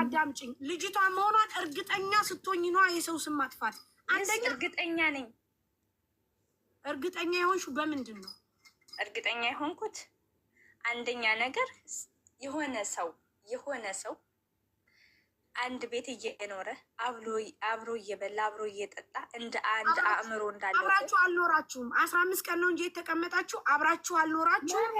አዳምጭኝ። ልጅቷ መሆኗን እርግጠኛ ስትሆኝ ነዋ የሰው ስም ማጥፋት። አንደኛ እርግጠኛ ነኝ። እርግጠኛ የሆንሽው በምንድን ነው? እርግጠኛ የሆንኩት አንደኛ ነገር የሆነ ሰው የሆነ ሰው አንድ ቤት እየኖረ አብሮ እየበላ አብሮ እየጠጣ እንደ አንድ አእምሮ እንዳለ አብራችሁ አልኖራችሁም። አስራ አምስት ቀን ነው እንጂ የተቀመጣችሁ አብራችሁ አልኖራችሁም።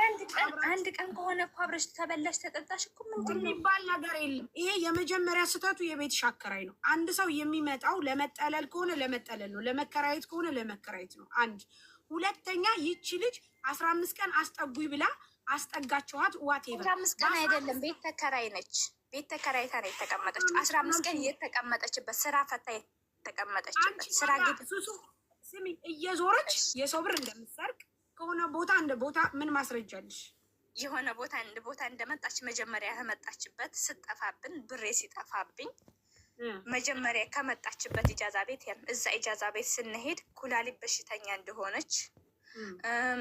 አንድ ቀን ከሆነ እኮ አብረሽ ተበላሽ ተጠጣሽ እኮ ምንድን ነው የሚባል ነገር የለም። ይሄ የመጀመሪያ ስህተቱ የቤትሽ አከራይ ነው። አንድ ሰው የሚመጣው ለመጠለል ከሆነ ለመጠለል ነው፣ ለመከራየት ከሆነ ለመከራየት ነው። አንድ ሁለተኛ፣ ይቺ ልጅ አስራ አምስት ቀን አስጠጉኝ ብላ አስጠጋችኋት። ዋቴ አስራ አምስት ቀን አይደለም ቤት ተከራይ ነች። ቤት ተከራይታ ነው የተቀመጠች። አስራ አምስት ቀን የተቀመጠችበት ስራ ፈታ የተቀመጠችበት ስራ ስሚ፣ እየዞረች የሰው ብር እንደምትሰርቅ ከሆነ ቦታ እንደ ቦታ ምን ማስረጃለሽ? የሆነ ቦታ እንደ ቦታ እንደመጣች መጀመሪያ ከመጣችበት ስጠፋብን ብሬ ሲጠፋብኝ መጀመሪያ ከመጣችበት ኢጃዛ ቤት ያም እዛ ኢጃዛ ቤት ስንሄድ ኩላሊት በሽተኛ እንደሆነች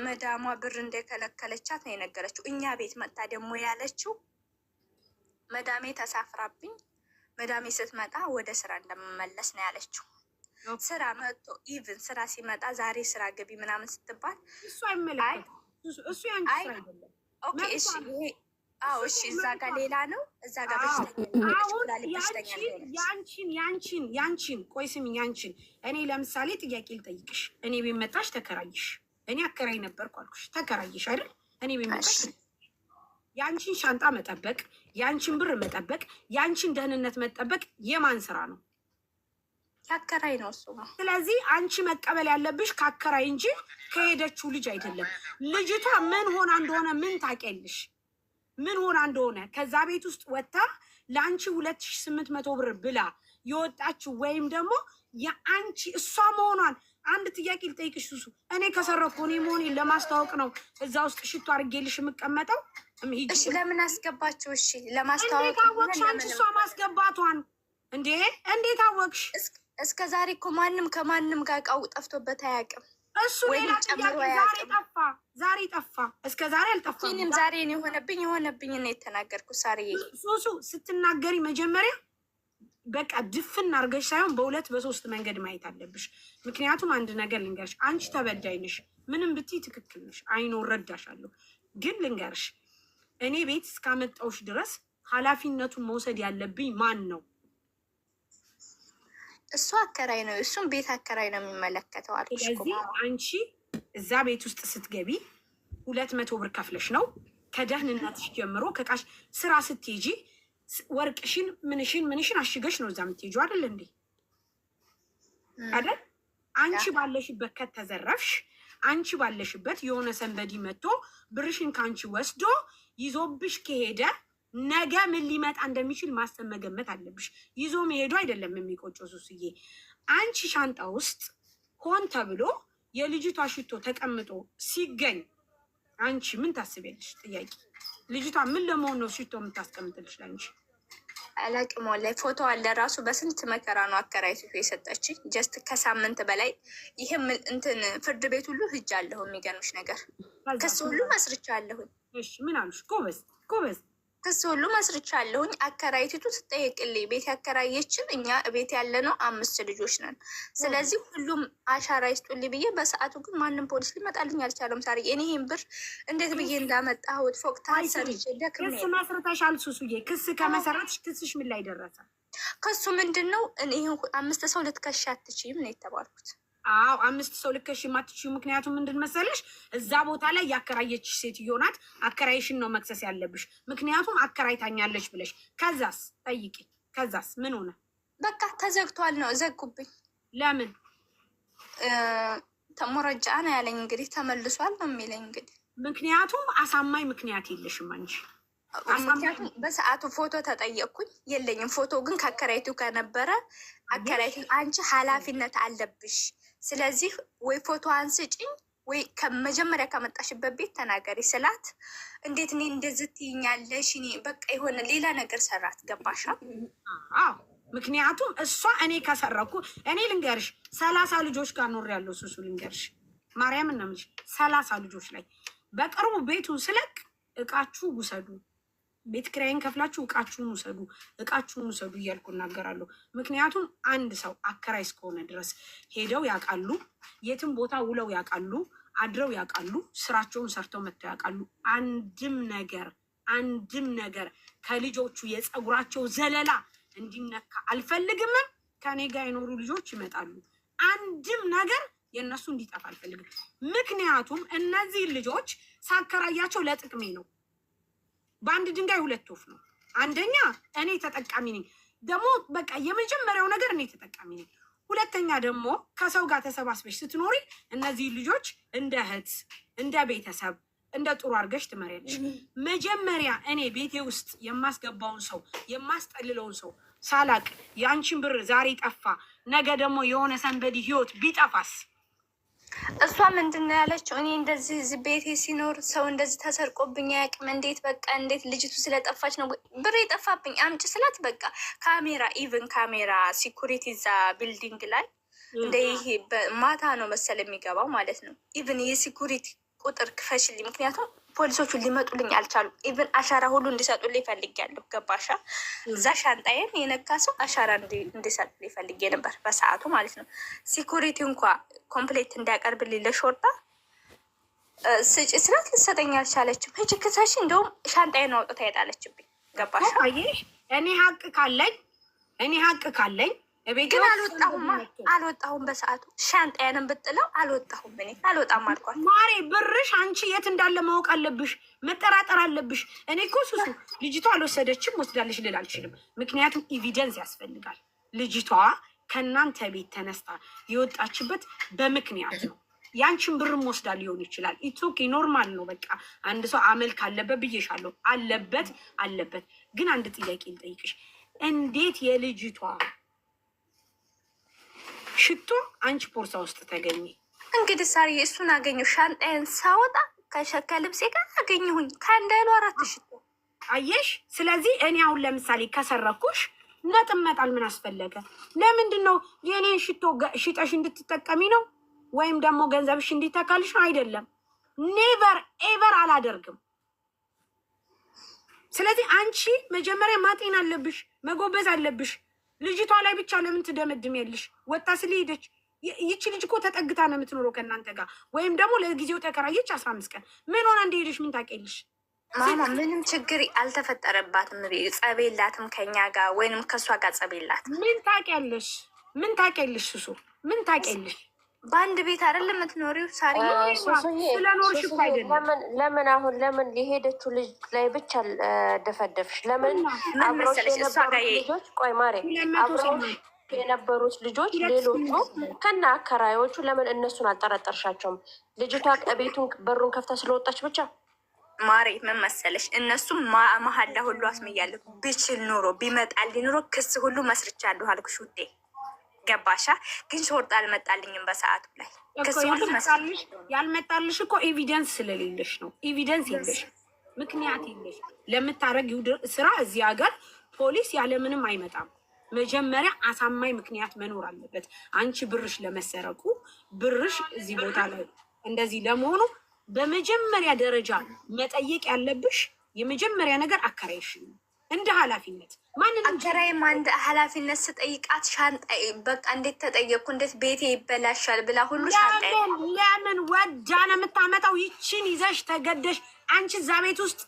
መዳሟ ብር እንደከለከለቻት ነው የነገረችው። እኛ ቤት መጣ ደግሞ ያለችው መዳሜ ተሳፍራብኝ መዳሜ ስትመጣ ወደ ስራ እንደምመለስ ነው ያለችው። ስራ መጥቶ ኢቭን ስራ ሲመጣ ዛሬ ስራ ገቢ ምናምን ስትባል እሺ እዛ ጋር ሌላ ነው፣ እዛ ጋር ያንቺን ያንቺን ያንቺን ቆይ ስሚ፣ ያንቺን እኔ ለምሳሌ ጥያቄ ልጠይቅሽ። እኔ ቤት ተከራይሽ፣ እኔ አከራይ ነበርኩ አልኩሽ፣ ተከራይሽ አይደል? እኔ ቤት ያንቺን ሻንጣ መጠበቅ ያንቺን ብር መጠበቅ፣ ያንቺን ደህንነት መጠበቅ የማን ስራ ነው? ከአከራይ ነው እሱ። ስለዚህ አንቺ መቀበል ያለብሽ ከአከራይ እንጂ ከሄደችው ልጅ አይደለም። ልጅቷ ምን ሆና እንደሆነ ምን ታውቂያለሽ? ምን ሆና እንደሆነ ከዛ ቤት ውስጥ ወጥታ ለአንቺ ሁለት ሺህ ስምንት መቶ ብር ብላ የወጣችው ወይም ደግሞ የአንቺ እሷ መሆኗን አንድ ጥያቄ ልጠይቅሽ ሱሱ፣ እኔ ከሰራው እኮ እኔ መሆኔን ለማስተዋወቅ ነው እዛ ውስጥ ሽቶ አድርጌልሽ የምቀመጠው። እሺ ለምን አስገባችሁ? እሺ ለማስታወቅ እንዴት አወቅሽ አንቺ እሷ ማስገባቷን? እንዴ እንዴት አወቅሽ? እስከ ዛሬ እኮ ማንም ከማንም ጋር እቃው ጠፍቶበት አያውቅም። እሱ ሌላ ጥያቄ። ዛሬ ጠፋ፣ ዛሬ ጠፋ፣ እስከ ዛሬ አልጠፋም። ዛሬ የሆነብኝ የሆነብኝ ነው የተናገርኩ። ሳሪ ሱሱ ስትናገሪ መጀመሪያ በቃ ድፍን አድርገሽ ሳይሆን በሁለት በሶስት መንገድ ማየት አለብሽ። ምክንያቱም አንድ ነገር ልንገርሽ፣ አንቺ ተበዳይ ነሽ። ምንም ብትይ ትክክል ነሽ። አይኖ እረዳሻለሁ። ግን ልንገርሽ፣ እኔ ቤት እስካመጣውሽ ድረስ ኃላፊነቱን መውሰድ ያለብኝ ማን ነው? እሱ አከራይ ነው። እሱም ቤት አከራይ ነው የሚመለከተው አልኩሽ። ስለዚህ አንቺ እዛ ቤት ውስጥ ስትገቢ ሁለት መቶ ብር ከፍለሽ ነው ከደህንነትሽ ጀምሮ ከቃሽ ስራ ስትሄጂ ወርቅሽን ምንሽን ምንሽን አሽገሽ ነው እዛ የምትሄጂው አይደል እንዴ? አይደል? አንቺ ባለሽበት ከተዘረፍሽ አንቺ ባለሽበት የሆነ ሰንበዲ መጥቶ ብርሽን ከአንቺ ወስዶ ይዞብሽ ከሄደ ነገ ምን ሊመጣ እንደሚችል ማሰብ መገመት አለብሽ። ይዞ መሄዱ አይደለም የሚቆጨው ሱስዬ። አንቺ ሻንጣ ውስጥ ሆን ተብሎ የልጅቷ ሽቶ ተቀምጦ ሲገኝ አንቺ ምን ታስቢያለሽ? ጥያቄ ልጅቷ ምን ለመሆን ነው ሽቶ የምታስቀምጥልሽ? ለአንቺ አላቅሞ ላይ ፎቶ አለ ራሱ በስንት መከራ ነው አከራይቱ የሰጠች። ጀስት ከሳምንት በላይ ይህም እንትን ፍርድ ቤት ሁሉ ህጅ አለሁ። የሚገርምሽ ነገር ክስ ሁሉ መስርቻ አለሁኝ። ምን አሉሽ? ጎበዝ ጎበዝ ከስ ሁሉ መስርቻ አለሁኝ። አከራይቲቱ ስጠየቅልኝ ቤት ያከራየችን እኛ ቤት ያለ ነው አምስት ልጆች ነን። ስለዚህ ሁሉም አሻራ ይስጡልኝ ብዬ በሰዓቱ ግን ማንም ፖሊስ ሊመጣልኝ አልቻለም። ሳሪ እኔ ብር እንዴት ብዬ እንዳመጣሁት ፎቅ ታሰርጅ ክስ መስረታሻል። ሱሱዬ ክስ ከመሰረትሽ ክስሽ ምን ላይ ደረሰ? ከሱ ምንድን ነው ይህ አምስት ሰው ልትከሻ አትችይም ነው የተባልኩት። አዎ አምስት ሰው ልከሽ የማትችው ምክንያቱም ምንድን መሰለሽ፣ እዛ ቦታ ላይ ያከራየች ሴትዮ ናት። አከራይሽን ነው መክሰስ ያለብሽ፣ ምክንያቱም አከራይታኛለች ብለሽ። ከዛስ ጠይቂ። ከዛስ ምን ሆነ? በቃ ተዘግቷል ነው ዘጉብኝ። ለምን ተሞረጃ ነው ያለኝ። እንግዲህ ተመልሷል ነው የሚለኝ እንግዲህ። ምክንያቱም አሳማኝ ምክንያት የለሽም አንቺ። ምክንያቱም በሰዓቱ ፎቶ ተጠየቅኩኝ፣ የለኝም ፎቶ ግን ከአከራይቱ ከነበረ አከራይቱ አንቺ ሀላፊነት አለብሽ ስለዚህ ወይ ፎቶ አንስጭኝ ወይ መጀመሪያ ከመጣሽበት ቤት ተናገሪ ስላት፣ እንዴት እኔ እንደዚህ ትይኛለሽ? እኔ በቃ የሆነ ሌላ ነገር ሰራት። ገባሻ? አዎ። ምክንያቱም እሷ እኔ ከሰራኩ እኔ ልንገርሽ፣ ሰላሳ ልጆች ጋር ኖር ያለው ሱሱ ልንገርሽ፣ ማርያም እናምልሽ፣ ሰላሳ ልጆች ላይ በቅርቡ ቤቱን ስለቅ እቃችሁ ውሰዱ ቤት ክራይን ከፍላችሁ እቃችሁን ውሰዱ፣ እቃችሁን ውሰዱ እያልኩ እናገራለሁ። ምክንያቱም አንድ ሰው አከራይ እስከሆነ ድረስ ሄደው ያውቃሉ፣ የትም ቦታ ውለው ያውቃሉ፣ አድረው ያውቃሉ፣ ስራቸውን ሰርተው መጥተው ያውቃሉ። አንድም ነገር አንድም ነገር ከልጆቹ የፀጉራቸው ዘለላ እንዲነካ አልፈልግምም። ከኔ ጋር የኖሩ ልጆች ይመጣሉ። አንድም ነገር የእነሱ እንዲጠፋ አልፈልግም። ምክንያቱም እነዚህ ልጆች ሳከራያቸው ለጥቅሜ ነው። በአንድ ድንጋይ ሁለት ወፍ ነው። አንደኛ እኔ ተጠቃሚ ነኝ፣ ደግሞ በቃ የመጀመሪያው ነገር እኔ ተጠቃሚ ነኝ። ሁለተኛ ደግሞ ከሰው ጋር ተሰባስበሽ ስትኖሪ እነዚህ ልጆች እንደ እህት፣ እንደ ቤተሰብ፣ እንደ ጥሩ አድርገሽ ትመሪያለሽ። መጀመሪያ እኔ ቤቴ ውስጥ የማስገባውን ሰው የማስጠልለውን ሰው ሳላቅ የአንቺን ብር ዛሬ ጠፋ፣ ነገ ደግሞ የሆነ ሰንበዲ ህይወት ቢጠፋስ እሷ ምንድን ነው ያለችው? እኔ እንደዚህ እዚህ ቤቴ ሲኖር ሰው እንደዚህ ተሰርቆብኝ አያውቅም። እንዴት በቃ እንዴት ልጅቱ ስለጠፋች ነው ብር የጠፋብኝ አምጭ ስላት በቃ ካሜራ ኢቭን ካሜራ ሲኩሪቲ እዛ ቢልዲንግ ላይ እንደ ይሄ ማታ ነው መሰል የሚገባው ማለት ነው ኢቨን የሲኩሪቲ ቁጥር ክፈሽልኝ ምክንያቱም ፖሊሶቹ ሊመጡልኝ አልቻሉ። ኢቨን አሻራ ሁሉ እንዲሰጡልኝ ይፈልጊያለሁ። ገባሻ? እዛ ሻንጣዬን የነካ ሰው አሻራ እንዲሰጡልኝ ይፈልጌ ነበር በሰዓቱ ማለት ነው። ሲኩሪቲ እንኳ ኮምፕሌት እንዲያቀርብልኝ ለሾርጣ ስጭ ስራት ልሰጠኝ አልቻለችም። ህጅ ክሳሽ እንደውም ሻንጣዬን አውጥታ የጣለችብኝ። ገባሻ? እኔ ሀቅ ካለኝ እኔ ሀቅ ካለኝ ግን አልወጣሁም አልወጣሁም በሰዓቱ ሻንጣዬንም ብጥለው አልወጣሁም። እኔ አልወጣም አልኳት። ማሬ ብርሽ አንቺ የት እንዳለ ማወቅ አለብሽ፣ መጠራጠር አለብሽ። እኔ እኮ ሱሱ ልጅቷ አልወሰደችም ወስዳለች ልል አልችልም። ምክንያቱም ኤቪደንስ ያስፈልጋል። ልጅቷ ከእናንተ ቤት ተነስታ የወጣችበት በምክንያት ነው። ያንቺን ብርም ወስዳ ሊሆን ይችላል። ኢትዮክ ኖርማል ነው። በቃ አንድ ሰው አመልክ አለበት ብዬሻለሁ። አለበት አለበት። ግን አንድ ጥያቄ ልጠይቅሽ እንዴት የልጅቷ ሽቶ አንቺ ቦርሳ ውስጥ ተገኘ። እንግዲህ ሳሪ እሱን አገኘሁ። ሻንጣዬን ሳወጣ ከሸከ ልብሴ ጋር አገኘሁኝ። ከአንዳይሉ አራት ሽቶ አየሽ። ስለዚህ እኔ አሁን ለምሳሌ ከሰረኩሽ ነጥብ መጣል ምን አስፈለገ? ለምንድን ነው የእኔን ሽቶ ሽጠሽ እንድትጠቀሚ ነው? ወይም ደግሞ ገንዘብሽ እንዲተካልሽ አይደለም። ኔቨር ኤቨር አላደርግም። ስለዚህ አንቺ መጀመሪያ ማጤን አለብሽ፣ መጎበዝ አለብሽ። ልጅቷ ላይ ብቻ ለምን ትደመድሚያለሽ? ወጣ ስለሄደች ይቺ ልጅ እኮ ተጠግታ ነው የምትኖረው ከእናንተ ጋር ወይም ደግሞ ለጊዜው ተከራየች አስራ አምስት ቀን ምን ሆና እንደሄደች ምን ታውቂያለሽ? ማማ ምንም ችግር አልተፈጠረባትም። ጸብ የላትም ከኛ ጋር ወይንም ከእሷ ጋር ጸብ የላትም። ምን ታውቂያለሽ? ምን ታውቂያለሽ? ሱሱ ምን ታውቂያለሽ? በአንድ ቤት አይደለም የምትኖሪው ሳሪ ስለኖርሽ እኮ አይደለም። ለምን አሁን ለምን የሄደችው ልጅ ላይ ብቻ ደፈደፍሽ? ለምን አብረሽ የነበሩት ልጆች ቆይ ማሬ አብረሽ የነበሩት ልጆች ሌሎቹ ከና አከራዮቹ ለምን እነሱን አልጠረጠርሻቸውም? ልጅቷ ቤቱን በሩን ከፍታ ስለወጣች ብቻ ማሬ ምን መሰለሽ፣ እነሱም መሀላ ሁሉ አስመያለሁ ብችል ኑሮ ቢመጣል ኑሮ ክስ ሁሉ መስርቻለሁ አልኩሽ ውጤ ገባሻ? ግን ሾርጥ አልመጣልኝም በሰዓቱ ላይ ያልመጣልሽ እኮ ኤቪደንስ ስለሌለሽ ነው። ኤቪደንስ የለሽ፣ ምክንያት የለሽ ለምታረጊው ስራ። እዚህ ሀገር ፖሊስ ያለምንም አይመጣም። መጀመሪያ አሳማኝ ምክንያት መኖር አለበት። አንቺ ብርሽ ለመሰረቁ ብርሽ እዚህ ቦታ ላይ እንደዚህ ለመሆኑ በመጀመሪያ ደረጃ መጠየቅ ያለብሽ የመጀመሪያ ነገር አከራይሽ ነው። እንደ ኃላፊነት ማንን አከራይም አንድ ኃላፊነት ስጠይቃት ሻንጣ በቃ እንዴት ተጠየቅኩ እንዴት ቤቴ ይበላሻል ብላ ሁሉ ሻንጣ ለምን ወዳ ነው የምታመጣው? ይቺን ይዘሽ ተገደሽ አንቺ እዛ ቤት ውስጥ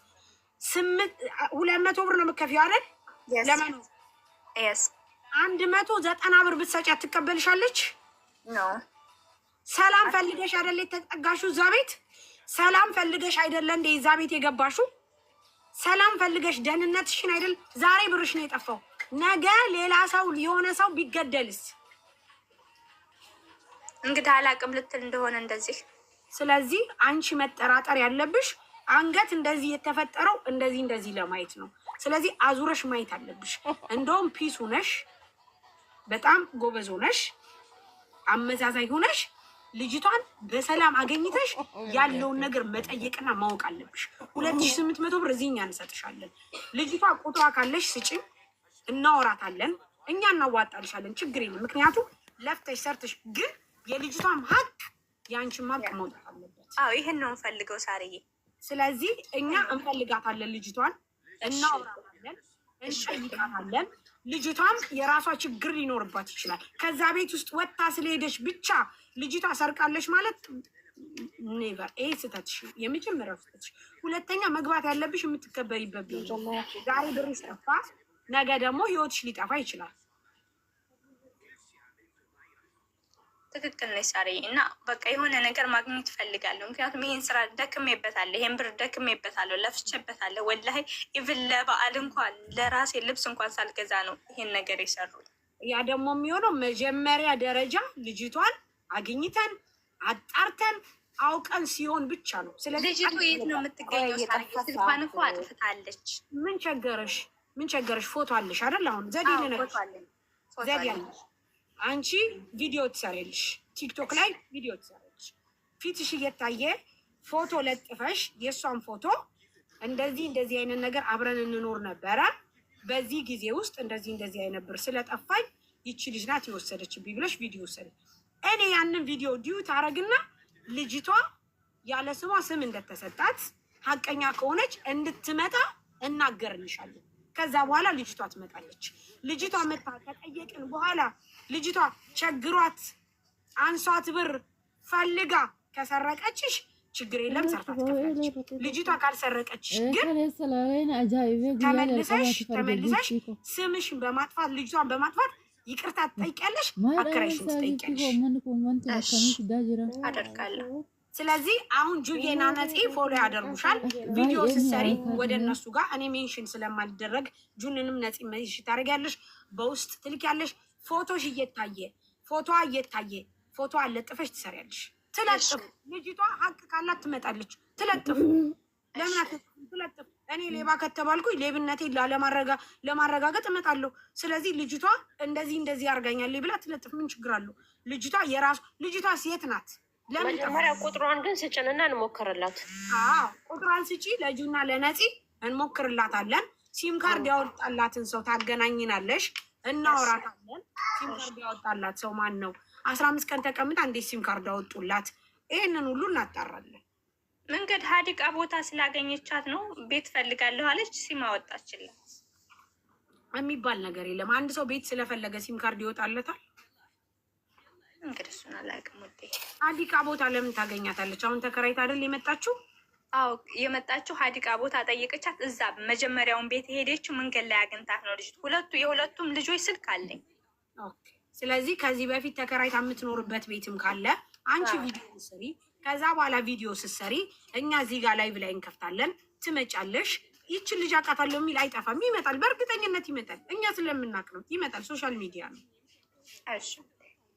ስምንት ሁለት መቶ ብር ነው የምትከፊው አይደል? ለመኖር አንድ መቶ ዘጠና ብር ብትሰጫት ትቀበልሻለች? ነው ሰላም ፈልገሽ አይደለ የተጠጋሹ እዛ ቤት ሰላም ፈልገሽ አይደለ እንደ እዛ ቤት የገባሹ ሰላም ፈልገሽ ደህንነትሽን አይደል? ዛሬ ብርሽ ነው የጠፋው፣ ነገ ሌላ ሰው የሆነ ሰው ቢገደልስ? እንግዲህ አላቅም ልትል እንደሆነ እንደዚህ። ስለዚህ አንቺ መጠራጠር ያለብሽ አንገት እንደዚህ የተፈጠረው እንደዚህ እንደዚህ ለማየት ነው። ስለዚህ አዙረሽ ማየት አለብሽ። እንደውም ፒስ ሁነሽ በጣም ጎበዝ ሁነሽ አመዛዛኝ ሁነሽ ልጅቷን በሰላም አገኝተሽ ያለውን ነገር መጠየቅና ማወቅ አለብሽ። ሁለት ሺ ስምንት መቶ ብር እዚህ እኛ እንሰጥሻለን። ልጅቷ ቁጥሯ ካለሽ ስጭም፣ እናወራታለን፣ እኛ እናዋጣልሻለን። ችግር የለም። ምክንያቱም ለፍተሽ ሰርተሽ፣ ግን የልጅቷም ሀቅ የአንቺም ሀቅ መውጣት አለበት። አዎ ይህን ነው እንፈልገው ሳርዬ። ስለዚህ እኛ እንፈልጋታለን ልጅቷን፣ እናወራታለን እሺ እንጠይቃታለን። ልጅቷም የራሷ ችግር ሊኖርባት ይችላል። ከዛ ቤት ውስጥ ወጥታ ስለሄደች ብቻ ልጅቷ ሰርቃለች ማለት ኔቨር። ይሄ ስህተትሽ፣ የመጀመሪያው ስህተትሽ። ሁለተኛ መግባት ያለብሽ የምትከበሪበት ዛሬ ብርሽ ጠፋ፣ ነገ ደግሞ ህይወትሽ ሊጠፋ ይችላል። ትክክል ነች ሳሪ እና በቃ የሆነ ነገር ማግኘት እፈልጋለሁ። ምክንያቱም ይህን ስራ ደክሜበታለሁ፣ ይህን ብር ደክሜበታለሁ፣ ለፍቼበታለሁ። ወላሂ ኢቭን ለበዓል እንኳን ለራሴ ልብስ እንኳን ሳልገዛ ነው ይህን ነገር የሰሩት። ያ ደግሞ የሚሆነው መጀመሪያ ደረጃ ልጅቷን አግኝተን አጣርተን አውቀን ሲሆን ብቻ ነው። ስለዚህ ልጅቱ የት ነው የምትገኘው? ሳሪ ስልኳን እኮ አጥፍታለች። ምን ቸገረሽ? ምን ቸገረሽ? ፎቶ አለሽ አይደል? አሁን ዘዴ ነገር ዘዴ አለሽ አንቺ ቪዲዮ ትሰሪልሽ፣ ቲክቶክ ላይ ቪዲዮ ትሰሪልሽ፣ ፊትሽ እየታየ ፎቶ ለጥፈሽ የእሷን ፎቶ እንደዚህ እንደዚህ አይነት ነገር አብረን እንኖር ነበረ፣ በዚህ ጊዜ ውስጥ እንደዚህ እንደዚህ አይነት ብር ስለጠፋኝ ይቺ ልጅ ናት የወሰደችብኝ ብለሽ ቪዲዮ ስል እኔ ያንን ቪዲዮ ዲዩት ታረግና ልጅቷ ያለ ስሟ ስም እንደተሰጣት ሀቀኛ ከሆነች እንድትመጣ እናገርልሻለሁ። ከዛ በኋላ ልጅቷ ትመጣለች። ልጅቷ መታ ከጠየቅን በኋላ ልጅቷ ቸግሯት አንሷት ብር ፈልጋ ከሰረቀችሽ ችግር የለም ሰርታ ትከፍላለች። ልጅቷ ካልሰረቀችሽ ግን ተመልሰሽ ተመልሰሽ ስምሽን በማጥፋት ልጅቷን በማጥፋት ይቅርታ ትጠይቂያለሽ፣ አከራይሽን ትጠይቂያለሽ። አደርጋለሁ። ስለዚህ አሁን ጁጌና ነፂ ፎሎ ያደርጉሻል። ቪዲዮ ስትሰሪ ወደ እነሱ ጋር እኔ ሜንሽን ስለማልደረግ ጁንንም ነፂ ሜንሽን ታደርጊያለሽ፣ በውስጥ ትልኪያለሽ። ፎቶሽ እየታየ ፎቶዋ እየታየ ፎቶ አለጥፈሽ ትሰሪያለሽ። ትለጥፍ ልጅቷ ሀቅ ካላት ትመጣለች። ትለጥፍ ለምን ትለጥፍ? እኔ ሌባ ከተባልኩኝ ሌብነቴን ለማረጋገጥ እመጣለሁ። ስለዚህ ልጅቷ እንደዚህ እንደዚህ ያርጋኛል ብላ ትለጥፍ። ምን ችግር አለው? ልጅቷ የራሱ ልጅቷ ሴት ናት። መጀመሪያ ቁጥሯን ግን ስጭንና እንሞክርላት። ቁጥሯን ስጪ ለጁና ለነፂ እንሞክርላታለን። ሲም ካርድ ያወጣላትን ሰው ታገናኝናለሽ። እናወራታለን። ሲም ካርድ ያወጣላት ሰው ማን ነው? አስራ አምስት ቀን ተቀምጣ እንዴት ሲም ካርድ አወጡላት? ይህንን ሁሉ እናጣራለን። መንገድ ሀዲቃ ቦታ ስላገኘቻት ነው ቤት ፈልጋለሁ አለች፣ ሲም አወጣችላት የሚባል ነገር የለም። አንድ ሰው ቤት ስለፈለገ ሲም ካርድ ይወጣለታል? እንግዲህ እሱን አላውቅም ሀዲቃ ቦታ ለምን ታገኛታለች? አሁን ተከራይታ አይደል የመጣችው? አዎ የመጣችው ሀዲቃ ቦታ ጠየቀቻት። እዛ መጀመሪያውን ቤት የሄደችው መንገድ ላይ አግኝታት ነው ልጅ ሁለቱ የሁለቱም ልጆች ስልክ አለኝ። ስለዚህ ከዚህ በፊት ተከራይታ የምትኖርበት ቤትም ካለ አንቺ ቪዲዮ ስሪ። ከዛ በኋላ ቪዲዮ ስትሰሪ እኛ እዚህ ጋር ላይቭ ላይ እንከፍታለን። ትመጫለሽ። ይችን ልጅ አውቃታለሁ የሚል አይጠፋም፣ ይመጣል። በእርግጠኝነት ይመጣል። እኛ ስለምናቅ ነው ይመጣል። ሶሻል ሚዲያ ነው።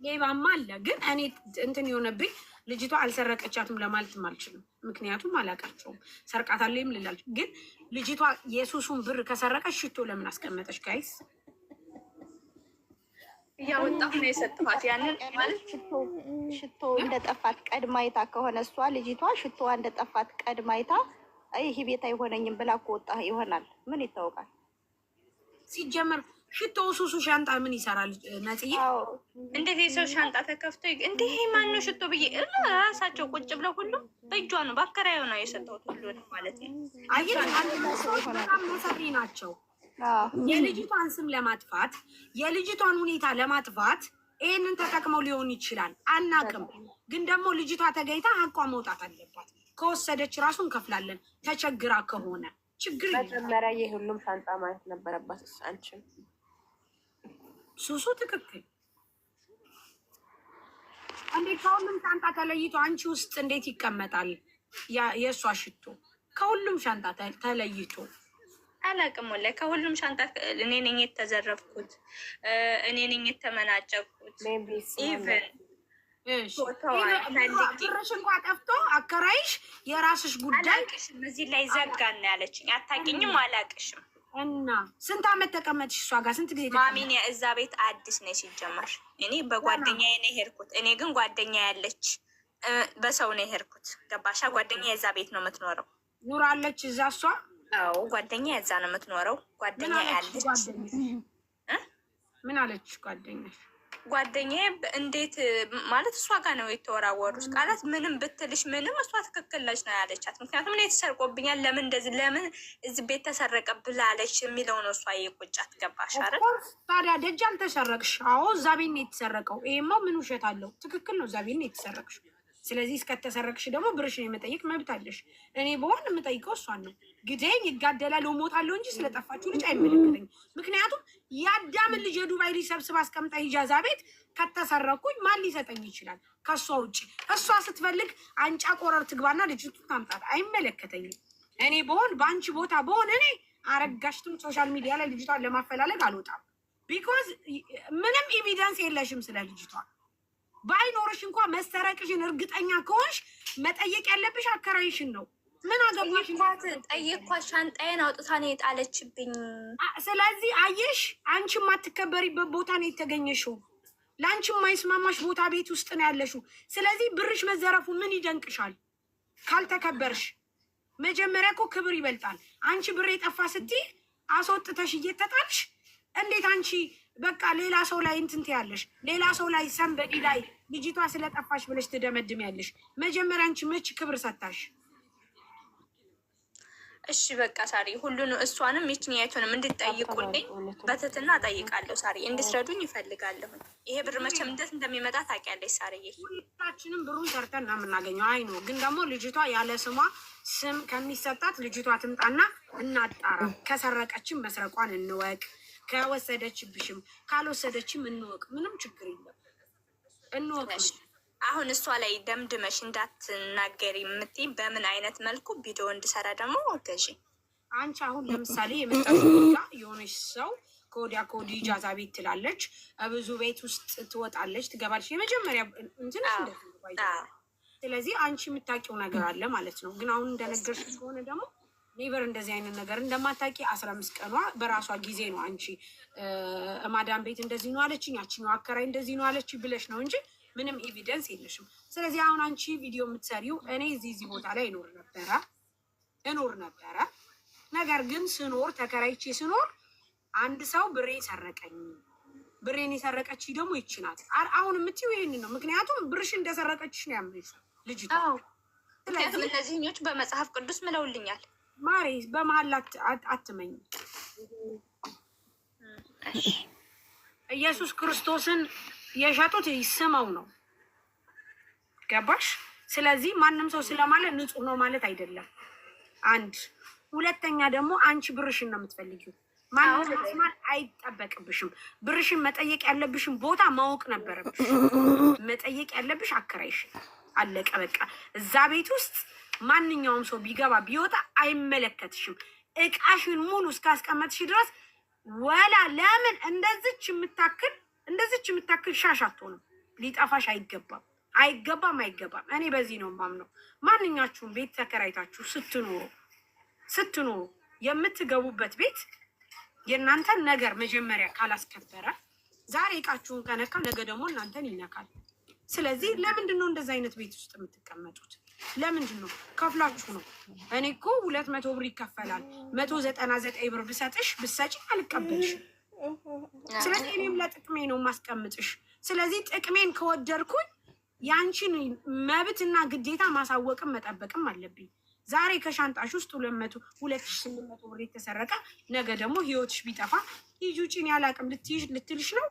ሌባማ አለ ግን እኔ እንትን የሆነብኝ ልጅቷ አልሰረቀቻትም ለማለትም አልችልም፣ ምክንያቱም አላቃቸው ሰርቃታለይም ልላልች ግን ልጅቷ የሱሱን ብር ከሰረቀች ሽቶ ለምን አስቀመጠች? ጋይስ እያወጣሁ ነው የሰጥኋት። ያንን ማለት ሽቶ እንደጠፋት ቀድማይታ ከሆነ እሷ ልጅቷ ሽቶዋ እንደጠፋት ቀድማይታ ይህ ቤት አይሆነኝም ብላ ከወጣ ይሆናል። ምን ይታወቃል ሲጀመር ሽቶ ሱሱ ሻንጣ ምን ይሰራል? ነጽዬ እንዴት የሰው ሻንጣ ተከፍቶ እንዲህ ማን ነው ሽቶ ብዬ ራሳቸው ቁጭ ብለው ሁሉ በእጇ ነው በአከራዩ ነው የሰጠሁት ሁሉንም ማለት ነው። አይ ሰዎች በጣም መሰሪ ናቸው። የልጅቷን ስም ለማጥፋት የልጅቷን ሁኔታ ለማጥፋት ይህንን ተጠቅመው ሊሆን ይችላል፣ አናቅም። ግን ደግሞ ልጅቷ ተገኝታ ሀቋ መውጣት አለባት። ከወሰደች ራሱ እንከፍላለን ተቸግራ ከሆነ ችግር መጀመሪያ የሁሉም ሻንጣ ማለት ነበረባት አንችም ሱሱ ትክክል። እንዴት ከሁሉም ሻንጣ ተለይቶ አንቺ ውስጥ እንዴት ይቀመጣል? የእሷ ሽቶ ከሁሉም ሻንጣ ተለይቶ አላቅም ላይ ከሁሉም ሻንጣ እኔ ነኝ የተዘረፍኩት፣ እኔ ነኝ የተመናጨኩት። ኢቨን ብርሽ እንኳ ጠፍቶ አከራይሽ የራስሽ ጉዳይ እዚህ ላይ ዘጋና ያለችኝ አታውቂኝም፣ አላቅሽም እና ስንት አመት ተቀመጥሽ እሷ ጋር? ስንት ጊዜ ማሚን? እዛ ቤት አዲስ ነች ሲጀመር። እኔ በጓደኛዬ ነው የሄድኩት። እኔ ግን ጓደኛ ያለች በሰው ነው የሄድኩት። ገባሻ? ጓደኛ የዛ ቤት ነው የምትኖረው። ኑራለች እዛ እሷ? አዎ ጓደኛ የዛ ነው የምትኖረው። ጓደኛ ያለች ምን አለች ጓደኛሽ? ጓደኛዬ እንዴት ማለት እሷ ጋር ነው የተወራወሩት ቃላት። ምንም ብትልሽ ምንም እሷ ትክክል ነች ነው ያለቻት። ምክንያቱም እኔ ተሰርቆብኛል፣ ለምን እንደዚህ ለምን እዚህ ቤት ተሰረቀ ብላለች የሚለው ነው እሷ የቆጫት። ገባሽ አረ ታዲያ ደጃም ተሰረቅሽ? አዎ እዛ ቤት ነው የተሰረቀው። ይሄማ ምን ውሸት አለው? ትክክል ነው፣ እዛ ቤት ነው የተሰረቅሽ። ስለዚህ እስከተሰረቅሽ ደግሞ ብርሽን የመጠየቅ መብት አለሽ። እኔ በሆን የምጠይቀው እሷን ነው። ግደኝ፣ ይጋደላል፣ እሞታለሁ እንጂ ስለጠፋችሁ ልጅ አይመለከተኝ። ምክንያቱም የአዳምን ልጅ የዱባይ ልጅ አስቀምጣ ሂጃዛ ቤት ከተሰረኩኝ ማን ሊሰጠኝ ይችላል? ከእሷ ውጭ እሷ ስትፈልግ አንጫ ቆረር ትግባና ልጅቱ ታምጣት። አይመለከተኝም። እኔ በሆን በአንቺ ቦታ በሆን እኔ አረጋሽትም ሶሻል ሚዲያ ላይ ልጅቷን ለማፈላለግ አልወጣም። ቢኮዝ ምንም ኤቪደንስ የለሽም ስለ ልጅቷ ባይኖርሽ እንኳ መሰረቅሽን እርግጠኛ ከሆንሽ መጠየቅ ያለብሽ አከራይሽን ነው። ምን አገባሽ? ጠየኳት። ሻንጣዬን አውጥታ ነው የጣለችብኝ። ስለዚህ አየሽ፣ አንቺ የማትከበሪበት ቦታ ነው የተገኘሽው። ለአንቺ የማይስማማሽ ቦታ ቤት ውስጥ ነው ያለሽው። ስለዚህ ብርሽ መዘረፉ ምን ይደንቅሻል? ካልተከበርሽ መጀመሪያ እኮ ክብር ይበልጣል። አንቺ ብር የጠፋ ስትይ አስወጥተሽ እየተጣልሽ እንዴት አንቺ በቃ ሌላ ሰው ላይ እንትን ትያለሽ፣ ሌላ ሰው ላይ ሰንበዲ ላይ ልጅቷ ስለጠፋሽ ብለሽ ትደመድሚያለሽ። መጀመሪያ አንቺ መች ክብር ሰጣሽ? እሺ በቃ ሳሪ ሁሉን እሷንም ይችንያቱንም እንድጠይቁልኝ በትትና ጠይቃለሁ ሳሪ እንድትረዱኝ ይፈልጋለሁ። ይሄ ብር መቼም እንደት እንደሚመጣ ታውቂያለሽ ሳሪ። ሁላችንም ብሩን ሰርተን ነው የምናገኘው። አይ ነው ግን ደግሞ ልጅቷ ያለ ስሟ ስም ከሚሰጣት ልጅቷ ትምጣና እናጣራ። ከሰረቀችን መስረቋን እንወቅ። ከወሰደችብሽም ካልወሰደችም እንወቅ፣ ምንም ችግር የለም እንወቅሽ። አሁን እሷ ላይ ደምድመሽ እንዳትናገሪ የምት በምን አይነት መልኩ ቪዲዮ እንድሰራ ደግሞ ወገዥ አንቺ አሁን ለምሳሌ የመጣሽ የሆነች ሰው ከወዲያ ከወዲ ጃዛ ቤት ትላለች፣ ብዙ ቤት ውስጥ ትወጣለች፣ ትገባለች። የመጀመሪያ እንትን ስለዚህ አንቺ የምታውቂው ነገር አለ ማለት ነው። ግን አሁን እንደነገርሽ ከሆነ ደግሞ ኔቨር እንደዚህ አይነት ነገር እንደማታውቂ አስራ አምስት ቀኗ በራሷ ጊዜ ነው። አንቺ ማዳም ቤት እንደዚህ ነው አለችኝ፣ ያችኛው አከራይ እንደዚህ ነው አለች ብለሽ ነው እንጂ ምንም ኤቪደንስ የለሽም። ስለዚህ አሁን አንቺ ቪዲዮ የምትሰሪው እኔ እዚህ እዚህ ቦታ ላይ እኖር ነበረ እኖር ነበረ፣ ነገር ግን ስኖር ተከራይቼ ስኖር አንድ ሰው ብሬ ሰረቀኝ። ብሬን የሰረቀች ደግሞ ይቺ ናት። አሁን የምትይው ይህን ነው። ምክንያቱም ብርሽ እንደሰረቀችሽ ነው ያምነች ልጅቷ። ምክንያቱም እነዚህኞች በመጽሐፍ ቅዱስ ምለውልኛል ማሬ በመሀል አትመኝ። ኢየሱስ ክርስቶስን የሸጡት ስመው ነው። ገባሽ? ስለዚህ ማንም ሰው ስለማለት ንጹህ ነው ማለት አይደለም። አንድ ሁለተኛ ደግሞ አንቺ ብርሽን ነው የምትፈልጊው። ማንም አይጠበቅብሽም። ብርሽን መጠየቅ ያለብሽን ቦታ ማወቅ ነበረብሽ። መጠየቅ ያለብሽ አከራይሽ አለቀ። በቃ እዛ ቤት ውስጥ ማንኛውም ሰው ቢገባ ቢወጣ አይመለከትሽም። እቃሽን ሙሉ እስካስቀመጥሽ ድረስ ወላ ለምን እንደዚች የምታክል እንደዚች የምታክል ሻሽ አትሆንም። ሊጠፋሽ አይገባም አይገባም አይገባም። እኔ በዚህ ነው ማምነው። ማንኛችሁም ቤት ተከራይታችሁ ስትኖሩ ስትኖሩ የምትገቡበት ቤት የእናንተን ነገር መጀመሪያ ካላስከበረ ዛሬ እቃችሁን ከነካ ነገ ደግሞ እናንተን ይነካል። ስለዚህ ለምንድን ነው እንደዚህ አይነት ቤት ውስጥ የምትቀመጡት? ለምንድን ነው ከፍላችሁ ነው? እኔ እኮ ሁለት መቶ ብር ይከፈላል። መቶ ዘጠና ዘጠኝ ብር ብሰጥሽ ብሰጪ አልቀበልሽ። ስለዚህ እኔም ለጥቅሜ ነው ማስቀምጥሽ። ስለዚህ ጥቅሜን ከወደድኩኝ ያንቺን መብትና ግዴታ ማሳወቅም መጠበቅም አለብኝ። ዛሬ ከሻንጣሽ ውስጥ ሁለት መቶ ሁለት ሺ ስምንት መቶ ብር የተሰረቀ ነገ ደግሞ ህይወትሽ ቢጠፋ ሂጂ ውጪ እኔ ልትልሽ ነው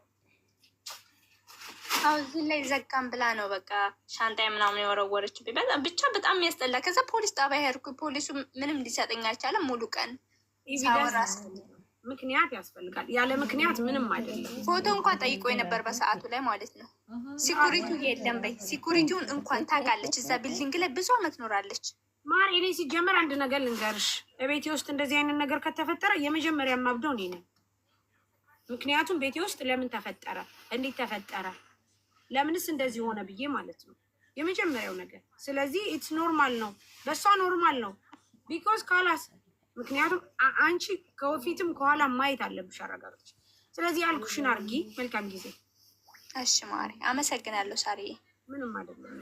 አዎ እዚህ ላይ ዘጋም ብላ ነው በቃ ሻንጣ ምናምን የወረወረችው። ብቻ በጣም ያስጠላ። ከዛ ፖሊስ ጣቢያ ሄድኩ። ፖሊሱ ምንም ሊሰጠኝ አልቻለም። ሙሉ ቀን ምክንያት ያስፈልጋል። ያለ ምክንያት ምንም አይደለም። ፎቶ እንኳን ጠይቆ የነበር በሰዓቱ ላይ ማለት ነው። ሲኩሪቲ የለም በይ። ሲኩሪቲውን እንኳን ታውቃለች። እዛ ቢልዲንግ ላይ ብዙ አመት ኖራለች። ማር እኔ ሲጀመር አንድ ነገር ልንገርሽ፣ ቤቴ ውስጥ እንደዚህ አይነት ነገር ከተፈጠረ የመጀመሪያ ማብደው እኔ ነኝ። ምክንያቱም ቤቴ ውስጥ ለምን ተፈጠረ፣ እንዴት ተፈጠረ ለምንስ እንደዚህ ሆነ ብዬ ማለት ነው የመጀመሪያው ነገር። ስለዚህ ኢትስ ኖርማል ነው በእሷ ኖርማል ነው ቢኮዝ ካላስ ምክንያቱም አንቺ ከፊትም ከኋላ ማየት አለብሽ አረጋሮች። ስለዚህ ያልኩሽን አርጊ። መልካም ጊዜ። እሺ ማሪ፣ አመሰግናለሁ ሳሪ። ምንም አይደለም።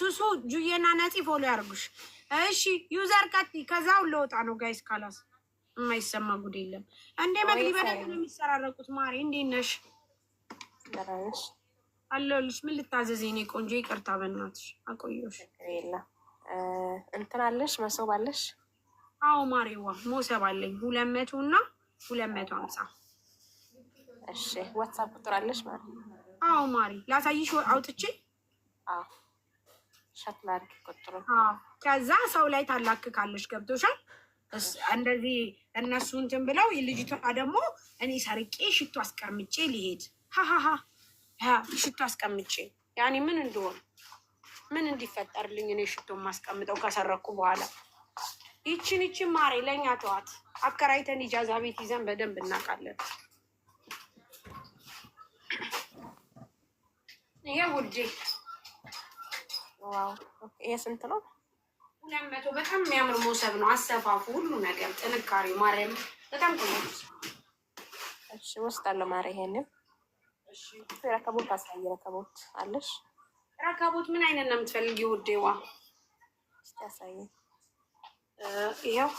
ሱሱ ጁዬና ነፂ ፎሎ ያርጉሽ። እሺ ዩዘር ቀጥ ከዛው ለወጣ ነው ጋይስ ካላስ የማይሰማ ጉድ የለም። እንዴ መግቢ በደንብ ነው የሚሰራረቁት። ማሪ እንዴት ነሽ? አለሁልሽ። ምን ልታዘዝ የኔ ቆንጆ? ይቅርታ በእናትሽ አቆየሁሽ። እንትን አለሽ መሶብ አለሽ? አዎ ማሪዋ ሞሰብ አለኝ። ሁለት መቶ እና ሁለት መቶ ሀምሳ እሺ ዋትሳፕ ቁጥር አለሽ ማሪ? አዎ ማሪ ላሳይሽ አውጥቼ። አዎ ሸት ላድርግ ቁጥሩ። ከዛ ሰው ላይ ታላክካለሽ። ገብቶሻል? እንደዚህ እነሱ እንትን ብለው ልጅቷ ደግሞ እኔ ሰርቄ ሽቶ አስቀምጬ ሊሄድ ሽቶ አስቀምጬ ያኔ ምን እንደሆን ምን እንዲፈጠርልኝ እኔ ሽቶ የማስቀምጠው ከሰረኩ በኋላ ይችን ይችን ማሬ ለእኛ ተዋት። አከራይተን ኢጃዛ ቤት ይዘን በደንብ እናውቃለን። ይሄ ውዴ የስንት ነው? ለመቶ በጣም የሚያምር ሞሰብ ነው። አሰፋፉ ሁሉ ነገር ጥንካሬ ማርያም በጣም ቆንጆ እሺ፣ ወስዳለሁ ማርያም። ይሄንን እሺ፣ ረከቦት አሳይ። ረከቦት አለሽ? ረከቦት ምን አይነት ነው የምትፈልጊው ውዴዋ? እስቲ አሳይ። ይሄው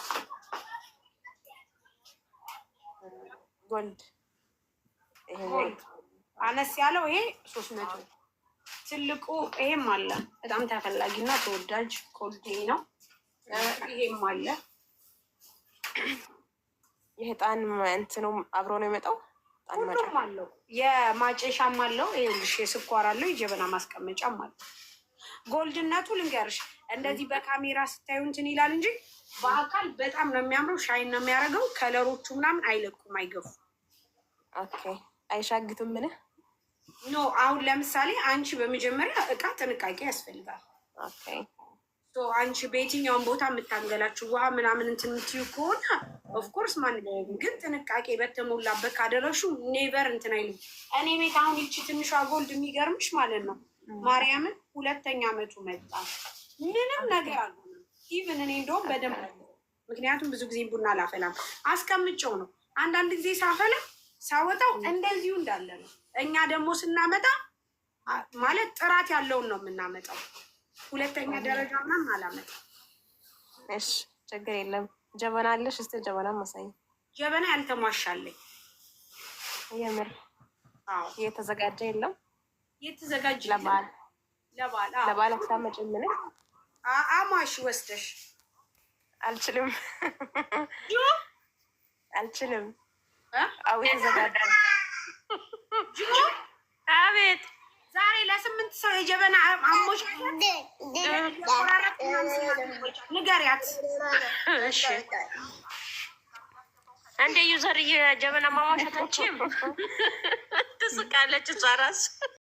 ጎልድ፣ ይሄ አነስ ያለው ይሄ ሶስት መቶ ትልቁ ይሄም አለ። በጣም ተፈላጊና ተወዳጅ ኮልዴ ነው። ይሄም አለ። የህጣን እንትኑ አብሮ ነው የመጣው። ሁሉም አለው። የማጨሻም አለው። ይኸውልሽ የስኳር አለው። የጀበና ማስቀመጫም አለው። ጎልድነቱ ልንገርሽ፣ እንደዚህ በካሜራ ስታዩ እንትን ይላል እንጂ በአካል በጣም ነው የሚያምረው። ሻይን ነው የሚያደርገው። ከለሮቹ ምናምን አይለቁም፣ አይገፉም፣ አይሻግትም። ምን ኖ አሁን ለምሳሌ አንቺ በመጀመሪያ እቃ ጥንቃቄ ያስፈልጋል። አንቺ በየትኛውን ቦታ የምታንገላችሁ ውሃ ምናምን እንትን የምትዩ ከሆነ ኦፍኮርስ ማንኛውም ግን ጥንቃቄ በተሞላበት ካደረሹ ኔቨር እንትን አይልም። እኔ ቤት አሁን ይቺ ትንሿ ጎልድ የሚገርምሽ ማለት ነው ማርያምን ሁለተኛ ዓመቱ መጣ ምንም ነገር አሉ ኢቨን እኔ እንደውም በደንብ ምክንያቱም ብዙ ጊዜ ቡና አላፈላም አስቀምጨው ነው። አንዳንድ ጊዜ ሳፈላ ሳወጣው እንደዚሁ እንዳለ ነው እኛ ደግሞ ስናመጣ ማለት ጥራት ያለውን ነው የምናመጣው። ሁለተኛ ደረጃ ምናምን አላመጣም። እሺ ችግር የለም። ጀበና አለሽ? እስቲ ጀበና ማሳይ። ጀበና ያልተሟሻለኝ የምር እየተዘጋጀ የለም። እየተዘጋጀ ለበዓል ለበዓል ለበዓል ምን አሟሽ ወስደሽ? አልችልም አልችልም። አዊ ተዘጋጀ አቤት ዛሬ ለስምንት ሰው የጀበና አሞች ንገሪያት። እንደ ዩዘር የጀበና ማሟሸት አንቺም ትስቃለች እሷ እራሱ